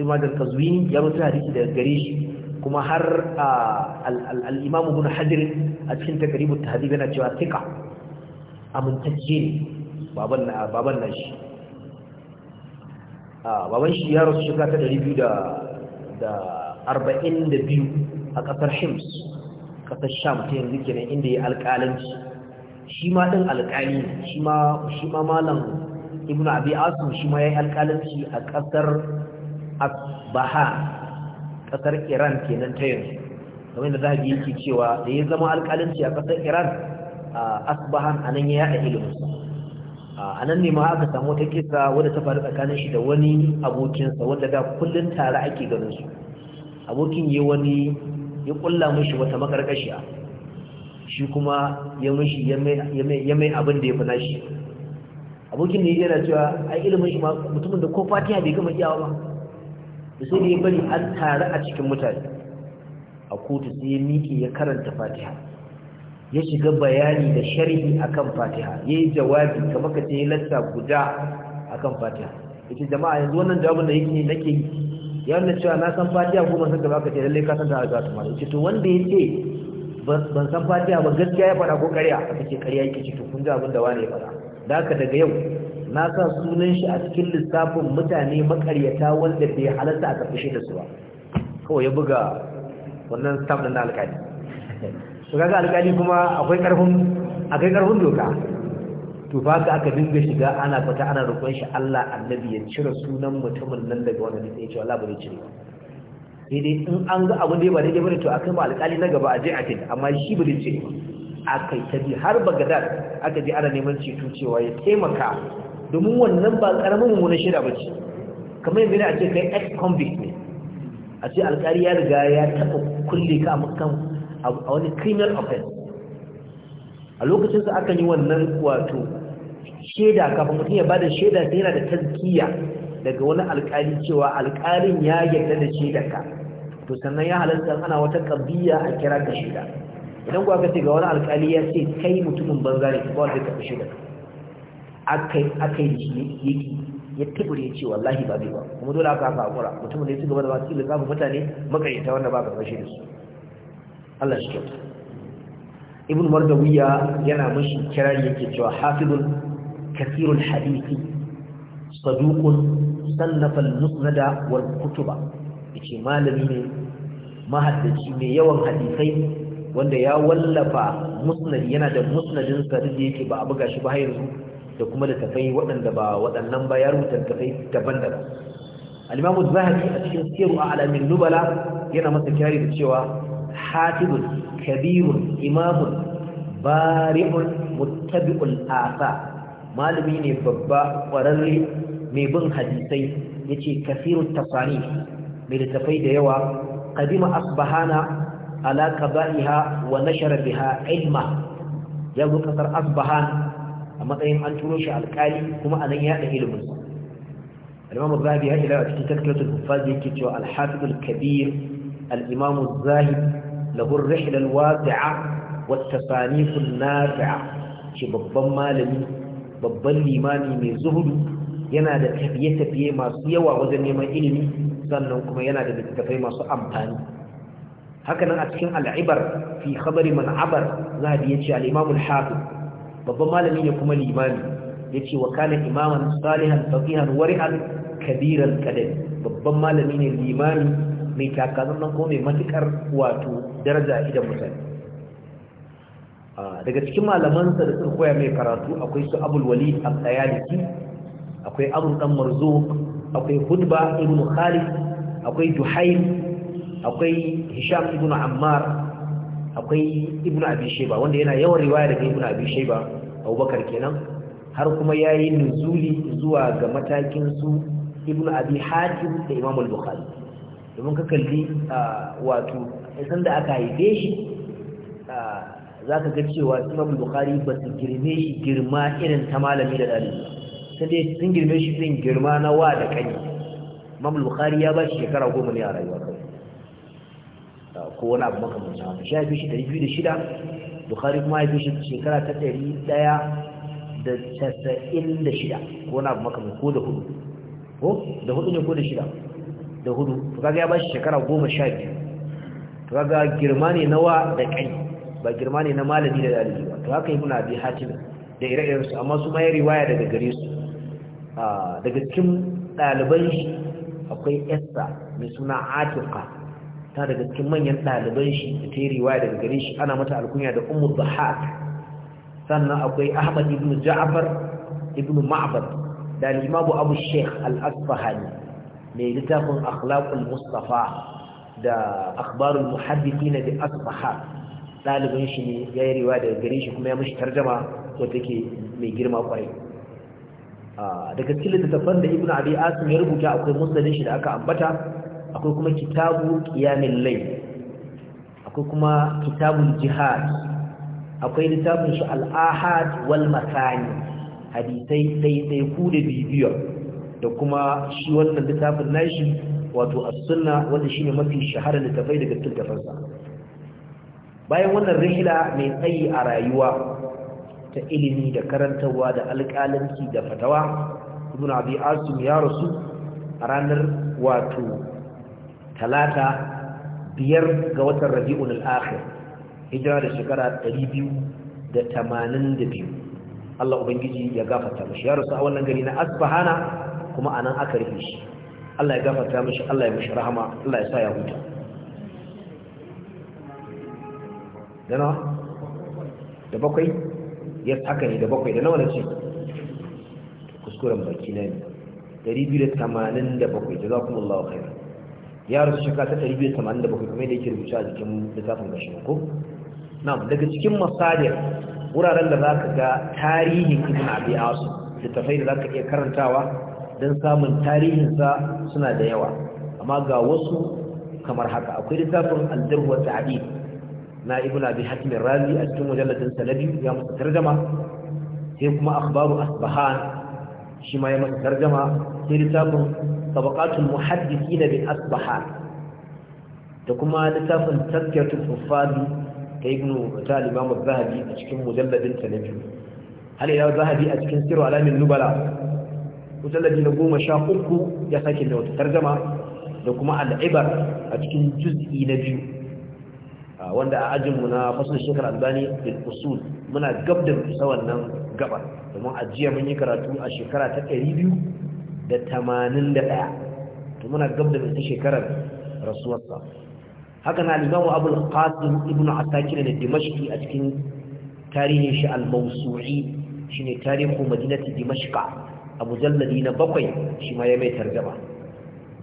Ibn Majah Kazwini ya rubuta hadisi daga gare shi kuma har al-Imam Ibn Hajar a cikin takribut tahdhib yana cewa thiqa amintacce ne baban na baban na shi baban shi ya rasu shekara ta 200 da arba'in da biyu a ƙasar shims ƙasar sham ta yanzu kenan inda ya alƙalanci shi ma ɗin alƙali shi ma malam ibn abi asu shi ma ya alƙalanci a ƙasar asbaha ƙasar iran kenan ta yanzu kamar da yake cewa da ya zama alƙalanci a ƙasar iran asbahan anan ya yada ilimin a nan ne ma aka samu wata kisa wadda ta faru tsakanin shi da wani abokinsa wadda da kullun tare ake ganin su abokin yi wani ya kulla mashi wata makarkashiya shi kuma ya abinda ya mai abin da ya fi nashi abokin ne yana cewa ai ilimin shi ma mutumin da ko fatiha bai gama iyawa ba da sai da ya bari an tare a cikin mutane a kotu sai ya miƙe ya karanta fatiha ya shiga bayani da sharhi akan fatiha ya yi jawabi kamar ka ce ya lasta guda akan fatiha ita jama'a yanzu wannan jawabin da yake nake ya cewa na san Fatiya ko sun gaba ka ce lalle ka san ta alga tuma ce to wanda ya ce ban san Fatiya ba gaskiya ya fara ko karya a ce karya yake ce kun ji abin da wani ya da haka daga yau na sa sunan shi a cikin lissafin mutane makaryata wanda bai halatta a karfishe da su ba kawai ya buga wannan stamp na alƙali su [LAUGHS] ga alƙali kuma akwai karfin akwai ƙarfin doka to ba ka aka dinga shiga ana fata ana roƙon shi Allah annabi ya cire sunan mutumin nan daga wannan dutse ya ce Allah cire sai dai in an ga abu da ba daidai bane to akai ma alƙali na gaba a je a kai amma shi ba zai cire akai ta bi har Baghdad aka je ana neman ceto cewa ya taimaka domin wannan ba karamin mummunan shida bace kamar yanzu a ce kai ex convict ne a ce alƙali ya riga ya taɓa kulle ka a wani criminal offense a lokacin sa aka yi wannan wato sheda kafin mutum ya bada sheda sai yana da tazkiya daga wani alkali cewa alkalin ya yarda da shaidarka to sannan ya halarta ana wata kabiya a kira ka sheda idan kuwa kace ce ga wani alkali ya ce kai mutumin banza ne ba zai tafi fi shaidarka akai akai shi yake ya tibure ce wallahi ba zai ba kuma dole aka haka hakura mutumin da ya ci gaba da ba su lissafin mutane makayyata wanda ba ka fashe da su Allah shi kyauta ibn mardawiya yana mashi kirari yake cewa hafizun كثير الحديث صدوق صنف المسند والكتب yace malami ne mahaddaci mai yawan hadisai wanda ya wallafa musnad yana da musnadin sa da yake ba a buga shi ba har yanzu da kuma da tafai waɗanda ba waɗannan ba ya rubuta tafai daban-daban al-Imam az-Zahabi a cikin Siru A'lamin Nubala yana masa kirari da cewa hatibun Kabiru, imamun bari'un muttabi'ul asa malami ne babba ƙwararre mai bin hadisai ya ce kafirun tafani mai littafai da yawa kadima asbahana ala qaba'iha wa nashara biha ilma ya zo kasar asbahan a matsayin an turo shi alƙali kuma a ya da ilimin al-imam az-zahabi ya ila cikin tafsiratul huffaz yake cewa al-hafiz al-kabir al-imam az-zahid lahu wasia wa at-tasanif nafia shi babban malami babban limami mai zuhudu yana da tafiye-tafiye masu yawa wajen neman ilimi sannan kuma yana da littattafai masu amfani hakanan a cikin al'ibar fi khabari man abar zahabi yace al-imam hafiz babban malami ne kuma limami yace wa kana imaman salihan faqihan wari'an kabiran kadai babban malami ne limami mai takazan nan ko mai matukar wato daraja idan mutane Ah, daga cikin malamansa da suka koya mai karatu akwai su abul wali akwai amr dan marzo akwai hudba ibn khalid akwai juhayl akwai hisham ibn ammar akwai ibn abi shayba wanda yana yawan riwaya daga ibn abi shayba abubakar kenan har kuma yayi nuzuli zuwa ga matakin su ibn abi hatim da imam al-bukhari domin ka kalli ah, wato sanda aka haife shi za ka ga cewa imam bukhari ba su girme shi girma irin ta malami da ɗalibi sai dai sun girme shi sun girma na wa da kani imam bukhari ya ba shi shekara goma ne a rayuwa kai. ko wani abu makamancin haka shi ya shi ɗari biyu da shida bukhari kuma ya fi shi shekara ta ɗari ɗaya da casa'in da shida ko wani abu makamancin ko da hudu ko da hudu ne ko da shida da hudu to kaga ya ba shi shekara goma sha biyu to kaga girma ne nawa da kani ba girma ne na malami da dalibi ba to haka muna bi hatim da ire-iren su amma su ma ya riwaya daga gare su ah, daga cikin ɗaliban shi akwai Esther mai suna atika ta daga cikin manyan ɗaliban shi da ta yi riwaya daga gare shi ana mata alkunya da Ummu Dhahak sannan akwai Ahmad ibn Ja'far ibn ma'abar da limabu Abu Sheikh Al-Asfahani mai littafin akhlaƙul Mustafa da Akhbarul Muhaddithin bi Asfahani ɗalibin shi ne ya yi riwa daga gare shi kuma ya mashi tarjama wadda ke mai girma kwarai daga cikin littattafan da ibn abi asim ya rubuta akwai musulun shi da aka ambata akwai kuma kitabu kiyamin lai akwai kuma kitabun jihad akwai littafin shi al'ahad wal masani hadisai ɗaiɗai ku da bibiyo da kuma shi wannan littafin nashi wato as-sunna shi ne mafi shahara littafai daga tuntafansa bayan wannan rahila mai tsayi a rayuwa ta ilimi da karantarwa da alƙalanci da fatawa ibn abi asim ya rasu a ranar wato talata biyar ga watan rabi'un al-akhir hijira da shekara 282 Allah ubangiji ya gafarta mishi ya rasu a wannan gari na Asbahana kuma anan aka rufe shi Allah ya gafarta mishi Allah ya mishi rahama Allah ya sa ya huta da nawa da bakwai ya haka ne da bakwai da nawa na ce kuskuren baki na ne Dari biyu da tamanin da bakwai da za kuma Allah wa kai ya rasu shaka ta dari biyu da tamanin da bakwai kuma yadda yake rubuta a jikin littafin gashi ko na daga cikin masadir wuraren da za ka ga tarihin ibn abi asu littafai da za ka iya karantawa don samun tarihinsa suna da yawa amma ga wasu kamar haka akwai littafin aljarwa ta'adid na ibn abi hatim razi a cikin mujalladin sanadi ya masa tarjama sai kuma akhbaru asbahan shi ma ya masa tarjama sai littafin tabaqatul muhaddithina bil asbahan da kuma littafin tazkiyatul fufadi ta ibn ta imam az-zahabi a cikin mujalladin sanadi hal ila zahabi a cikin siru alamin nubala mujalladi na goma sha uku ya sake da wata tarjama da kuma al'ibar a cikin juz'i na biyu Ah, wanda a ajinmu na fasul shekar albani bil usul muna gab da kusa wannan gaba domin ajiya mun yi karatu a shekara ta 281 to muna gab da kusa shekarar rasuwarsa haka na limamu abul qasim ibn asakir da dimashqi a cikin tarihin shi al-mawsu'i shine tarihu madinati dimashqa a mujalladi na bakwai shi ma ya mai tarjama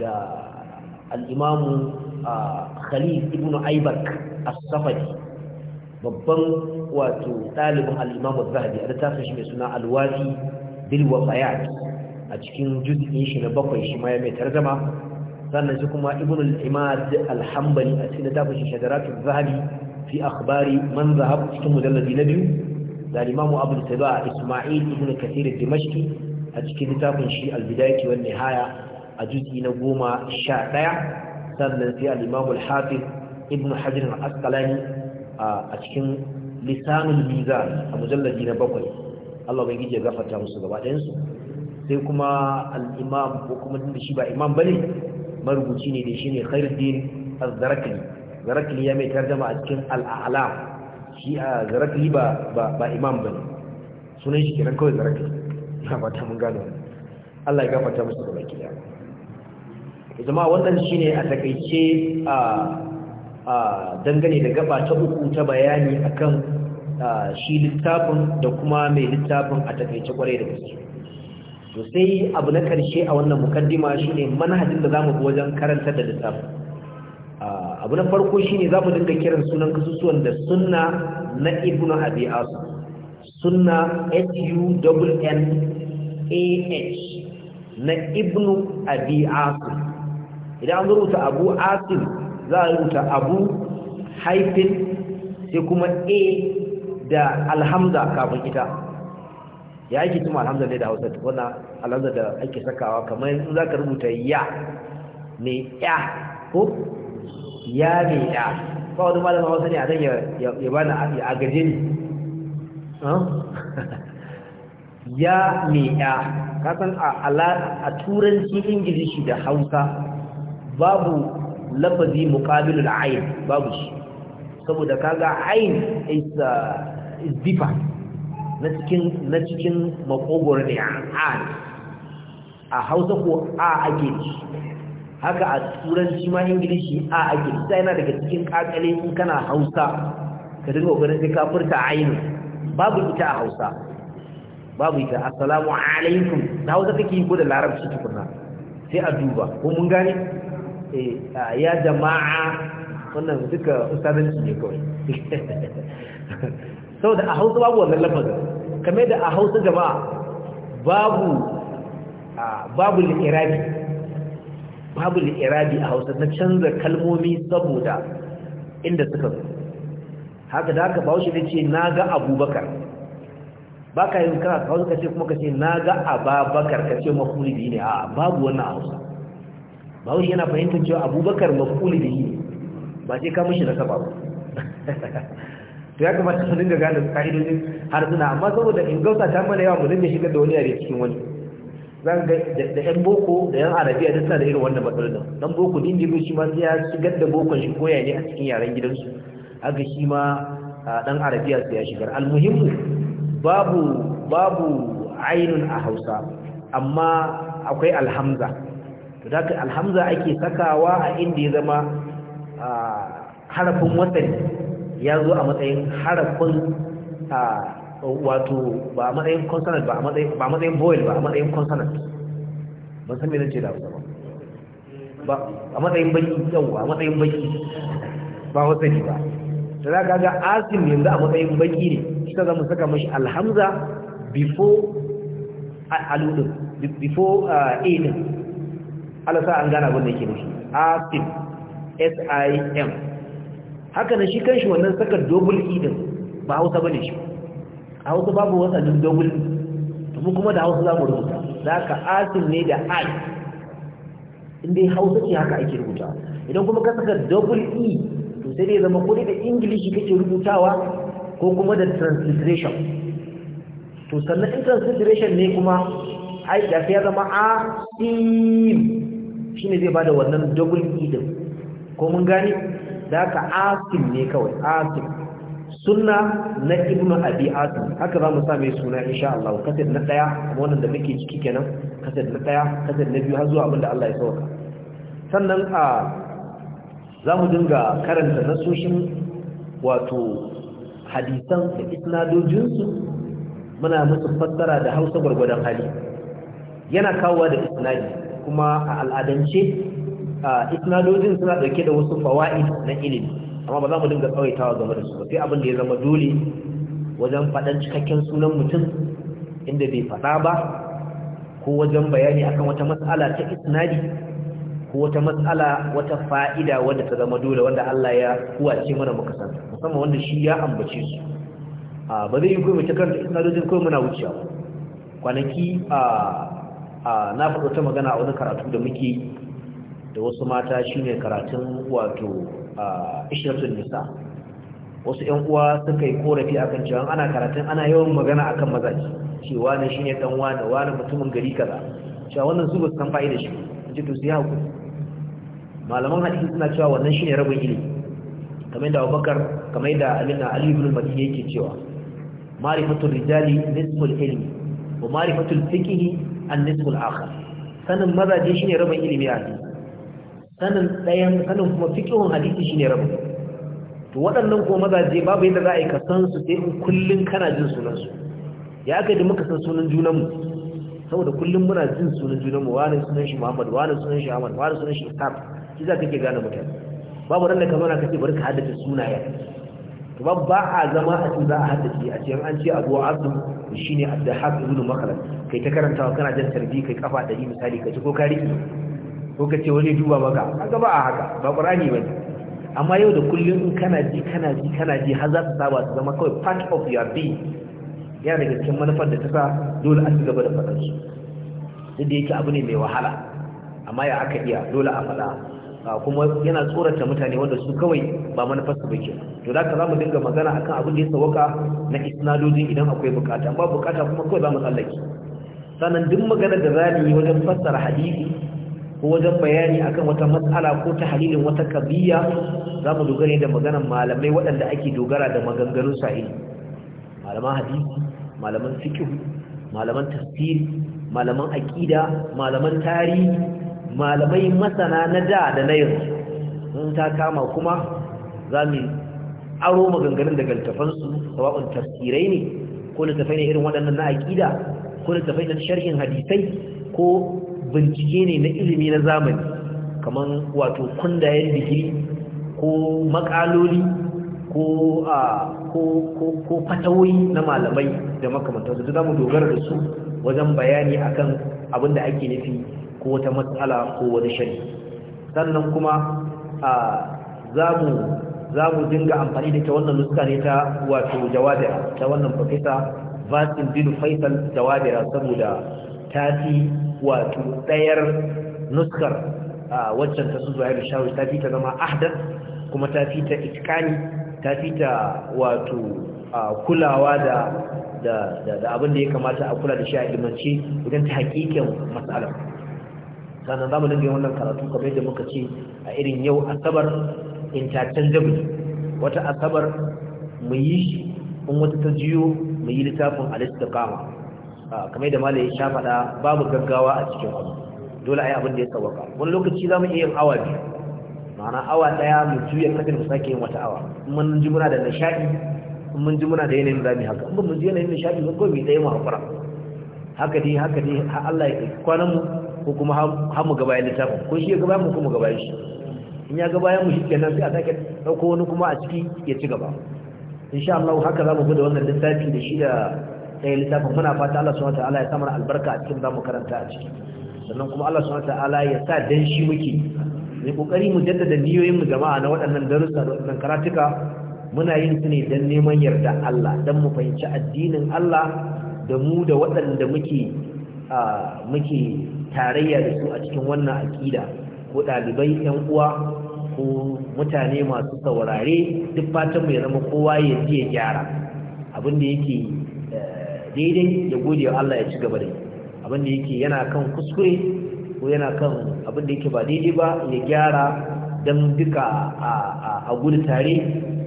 da al-imamu khalid ibn aibak as-safadi babban wato ɗalibin al-imam az-zahabi a littafin shi mai suna al-wafi bil wafayat a cikin juz'in shi na bakwai shi ma mai tarjama sannan shi kuma ibn al-imad al-hanbali a cikin littafin shi shadaratuz zahabi fi akhbari man zahab cikin mujalladi na biyu da limamu abu taba isma'il ibn kathir dimashqi a cikin littafin shi al-bidayati wan nihaya a juz'i na goma sha ɗaya sannan sai al-imam al-hafiz ibn hajar al askalani a cikin lisanul mizan a mujalladi na bakwai Allah bai gije gafarta musu gaba ɗayan su sai kuma al-imam ko kuma din da shi ba imam bane marubuci ne da shi shine khairuddin az-zarakli zarakli ya mai tarjuma a cikin al-a'lam shi a zarakli ba ba imam bane sunan shi kenan kawai zarakli na fata mun gano Allah ya gafarta musu gaba ɗayan zama wannan shine a takaice a dangane da gaba ta uku ta bayani akan shi littafin da kuma mai littafin a takaice kwarai da gaske to sai abu na karshe a wannan mukaddima shine manhajin da zamu bi wajen karanta da littafin abu na farko shine zamu dinga kiran sunan kasusuwan da sunna na ibnu abi sunna h u n a h na ibnu abi asim idan an rubuta abu asin za a rubuta abu haifin sai kuma a da alhamza kafin ita ya ake cima alhamza ne da hausa wannan alhamza da ake sakawa kamar yanzu za ka rubuta ya ne ya ko ya ne ya ba wani malama hausa ne a zan ya ba na a gaje ne ya ne [LAUGHS] ya kasan a turanci ingilishi da hausa babu lafazi muqabilul ayn babu shi saboda kaga ayn is uh, is different na cikin na cikin makogoro ne a hausa ko a ake haka a turanci ma ingilishi a ake sai yana daga cikin kakale in kana hausa ka dinga kokarin sai ka furta ayin. babu ita a hausa babu ita assalamu alaikum da hausa kake yi ko da larabci tukunna sai a duba ko mun gane Eh, ya jama'a wannan duka ustazanci ne kawai [LAUGHS] saboda a hausa babu wannan lafazin kamar da a hausa jama'a babu babu li'irabi babu li'irabi a hausa na canza kalmomi saboda inda suka zo haka da haka bawo shi ne ce na ga abubakar ba ka yi kana ka ce kuma ka ce na ga ababakar ka ce biyu ne a babu wannan a hausa wai yana fahimtar cewa abubakar mafuli da yi ba sai ka na saba ba to ya kamata su dinga gane ka'idodin harsuna amma saboda in gausa ta mana yawa mu dinga shigar da wani yare cikin wani zan ga da yan boko da yan arabiya duk da irin wannan da dan boko din jirgin shi ma sai ya shigar da bokon shi koya ne a cikin yaren gidansu haka shi ma dan arabiya sai ya shigar almuhimmu babu babu ainun a Hausa amma akwai alhamza to da alhamza ake sakawa a inda ya zama harafin wasani ya zo a matsayin harafin wato ba a matsayin consonant ba a matsayin voice ba a matsayin consonant ban san me zan ce da ba a matsayin baki yau a matsayin baki ba wasani ba da za ka ga asim yanzu a matsayin baki ne ita zama saka mashi alhamza before aludin before a din Allah sa an gane abin da yake shi asim s i m haka nan shi kanshi wannan saka double e din ba Hausa bane shi a Hausa babu din double e. to mu kuma da Hausa za mu rubuta zaka asim ne da i inda Hausa ce haka ake rubuta idan kuma ka saka double e to sai dai zama kuɗi da English kake rubutawa ko kuma da transliteration to sannan in transliteration ne kuma ai da ya zama a im shine zai bada wannan double e ko mun gane da ka asim ne kawai asim sunna na ibnu abi asim haka zamu sa mai suna insha Allah kasar na daya kuma wannan da muke ciki kenan kasar na daya kasar na biyu har zuwa abinda Allah ya sauka sannan a zamu dinga karanta nasoshin wato hadisan da isnadojinsu muna musu fassara da hausa gwargwadon hali yana kawowa da isnadi kuma a al'adance isnadojin suna dauke da wasu fawaid na ilimi amma ba za mu dinga tsawaitawa game da su ba sai abin da ya zama dole wajen faɗan cikakken sunan mutum inda bai faɗa ba ko wajen bayani akan wata matsala ta isnadi ko wata matsala wata fa'ida wanda ta zama dole wanda Allah ya kuwace mana muka san musamman wanda shi ya ambace su ba zai yi kuma ta kanta isnadojin kuma muna wucewa kwanaki a a na faɗo ta magana a wani karatu da muke da wasu mata shine karatun wato a ishiratun nisa wasu ƴan uwa suka yi korafi akan cewa ana karatun ana yawan magana akan mazaji cewa ne shine ɗan wani wani mutumin gari kaza cewa wannan su ba su san fa'ida shi ji to sai hakuri malaman hadisi suna cewa wannan shine rabin ilimi kamar da Abubakar kamar da Amina Ali ibn al-Madini yake cewa ma'rifatul rijali nisful ilmi wa ma'rifatul fiqhi annisul akhar sanin mazaje shine rabin ilimi a hadisi sanin ɗayan sanin kuma fiqhun hadisi shine rabin to waɗannan ko mazaje babu yadda za a yi ka san su sai in kullun kana jin sunan su ya aka da muka san sunan junan mu saboda kullun muna jin sunan junan mu wani sunan shi Muhammad wani sunan shi Ahmad wani sunan shi Ishaq shi za kake gane mutane babu ran da ka ce kace bari ka haddace sunayen kuma ba a zama a cikin za a haddace a cikin an ce abu a abdu da abdahab ibn makhlad kai ta karanta wa kana jan tarbi kai kafa ɗari misali ka ci ko kari? ko ka ce wani duba maka kaga ba a haka ba ba ne amma yau da kullum in kana ji kana ji kana ji har za ta saba su zama kawai part of your being yana daga cikin manufar da ta sa dole a ci gaba da faɗa su duk da yake abu ne mai wahala amma ya aka iya dole a faɗa kuma yana tsorata mutane wanda su kawai ba manufarsa ba ke to zaka ka za mu dinga magana akan abin da ya sawaka na isnadoji idan akwai bukata ba bukata kuma kawai za mu tsallake sannan duk maganar da za mu yi wajen fassara hadisi ko wajen bayani akan wata matsala ko ta halilin wata kabiya za mu dogara da maganar malamai waɗanda ake dogara da maganganun sa'i malaman hadisi malaman fikihu malaman tafsiri malaman aƙida malaman tarihi malamai masana na da da na yanzu in ta kama kuma za mu aro maganganun daga littafansu sawa'un tafsirai ne ko littafai ne irin waɗannan na aƙida ko littafai na sharhin hadisai ko bincike ne na ilimi na zamani kamar wato kundayen digiri ko makaloli ko a ko ko ko fatawoyi na malamai da makamantar su mu dogara da su wajen bayani akan abin da ake nufi ko wata matsala ko wani shari sannan kuma a zamu zamu dinga amfani da ta wannan nuska ne ta wato jawabira ta wannan profesa Vasin bin Faisal jawabira saboda ta fi wato ɗayar nuskar waccan ta su zuwa shawi ta fi ta zama ahdan kuma ta fi ta itkani ta fi ta wato kulawa da da abin da ya kamata a kula da shi a ilmance idan ta hakikin matsalar sannan za mu dinga yin wannan karatu kamar yadda muka ce a irin yau asabar interchangeable wata asabar mu yi shi in wata ta jiyo mu yi littafin al-istiqama kamar yadda malai ya sha faɗa babu gaggawa a cikin abu dole ai abin da ya sawaka wani lokaci za mu iya yin awa biyu ma'ana awa ɗaya mu juya kafin mu sake yin wata awa in mun ji muna da nishaɗi in mun ji muna da yanayin zamu haka in mun ji yanayin nishaɗi ba ko mu ɗaya mu haƙura haka dai haka dai har Allah ya kai kwanan mu ko kuma har mu gaba littafin ko shi ya gaba mu kuma gaba shi in ya gaba mu shi kenan sai a sake ɗauko wani kuma a ciki ya ci gaba insha Allah haka za mu bude wannan littafi da shi da ɗaya littafin muna fata Allah subhanahu ta'ala ya samar albarka a cikin da mu karanta a ciki sannan kuma Allah subhanahu ta'ala ya sa dan shi muke ne kokari mu jaddada niyoyin mu jama'a na waɗannan darussa da waɗannan karatuka muna yin su ne dan neman yarda Allah dan mu fahimci addinin Allah da mu da waɗanda muke ah, muke tarayya da su a cikin wannan aƙida ko ɗalibai 'yan uwa ko mutane masu saurare duk fatan ya zama kowa ya ji ya gyara abin da yake eh, daidai ya gode wa Allah ya ci gaba da yi abin da yake yana kan kuskure ko yana kan abin da yake ba daidai ba ya gyara don duka a gudu tare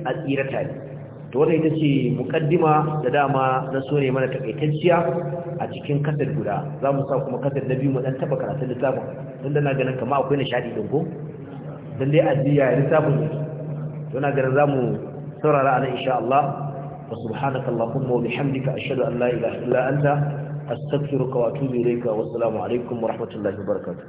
a tsira tare to wata ita ce mukaddima da dama na so ne mana takaitacciya a cikin kasar guda za mu sa kuma kasar na biyu mu dan taba karatun littafin da na ganin kama akwai nishaɗi din ko dan dai ajiya littafin ne to na ganin za mu saurara ana insha Allah wa subhanaka allahumma wa bihamdika ashhadu an la ilaha illa anta astaghfiruka wa atubu ilayka wa assalamu alaikum wa rahmatullahi wa barakatuh